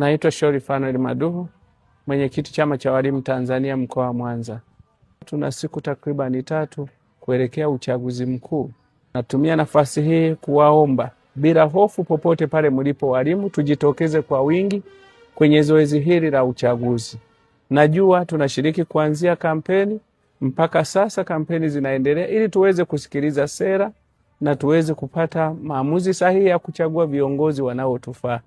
Naitwa Shori Fanuel Maduhu, mwenyekiti chama cha walimu Tanzania mkoa wa Mwanza. Tuna siku takribani tatu kuelekea uchaguzi mkuu. Natumia nafasi hii kuwaomba bila hofu, popote pale mlipo walimu, tujitokeze kwa wingi kwenye zoezi hili la uchaguzi. Najua tunashiriki kuanzia kampeni mpaka sasa, kampeni zinaendelea ili tuweze kusikiliza sera na tuweze kupata maamuzi sahihi ya kuchagua viongozi wanaotufaa.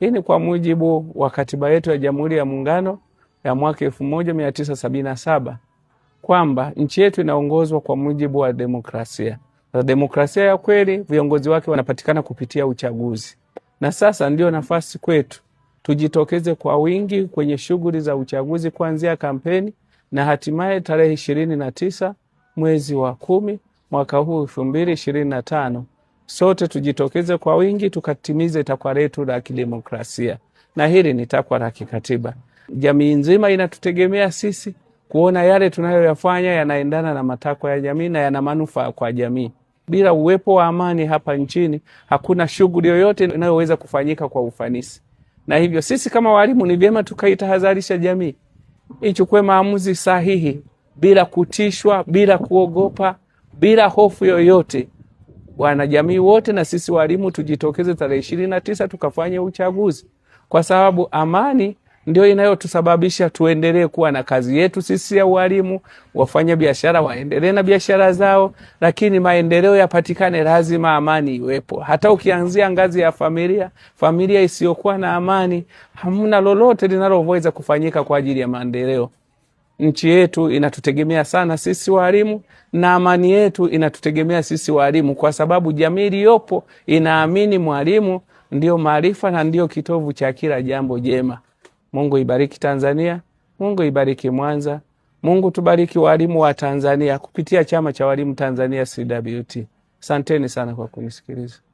Hii ni kwa mujibu wa katiba yetu ya Jamhuri ya Muungano ya mwaka elfu moja mia tisa sabini na saba kwamba nchi yetu inaongozwa kwa mujibu wa demokrasia. Sasa demokrasia ya kweli viongozi wake wanapatikana kupitia uchaguzi, na sasa ndio nafasi kwetu tujitokeze kwa wingi kwenye shughuli za uchaguzi kuanzia kampeni na hatimaye tarehe ishirini na tisa mwezi wa kumi mwaka huu elfu mbili ishirini na tano sote tujitokeze kwa wingi tukatimize takwa letu la kidemokrasia, na hili ni takwa la kikatiba. Jamii nzima inatutegemea sisi kuona yale tunayoyafanya yanaendana na matakwa ya jamii na yana manufaa kwa jamii. Bila uwepo wa amani hapa nchini, hakuna shughuli yoyote inayoweza kufanyika kwa ufanisi, na hivyo sisi kama walimu ni vyema tukaitahadharisha jamii ichukue maamuzi sahihi bila kutishwa, bila kuogopa bila hofu yoyote. Wanajamii wote na sisi walimu tujitokeze tarehe ishirini na tisa tukafanye uchaguzi, kwa sababu amani ndio inayotusababisha tuendelee kuwa na kazi yetu sisi ya ualimu. Wafanya biashara waendelee na biashara zao, lakini maendeleo yapatikane, lazima amani iwepo. Hata ukianzia ngazi ya familia, familia isiyokuwa na amani, hamna lolote linaloweza kufanyika kwa ajili ya maendeleo nchi yetu inatutegemea sana sisi walimu na amani yetu inatutegemea sisi walimu, kwa sababu jamii iliyopo inaamini mwalimu ndio maarifa na ndio kitovu cha kila jambo jema. Mungu ibariki Tanzania, Mungu ibariki Mwanza, Mungu tubariki walimu wa Tanzania kupitia chama cha walimu Tanzania CWT. Asanteni sana kwa kunisikiliza.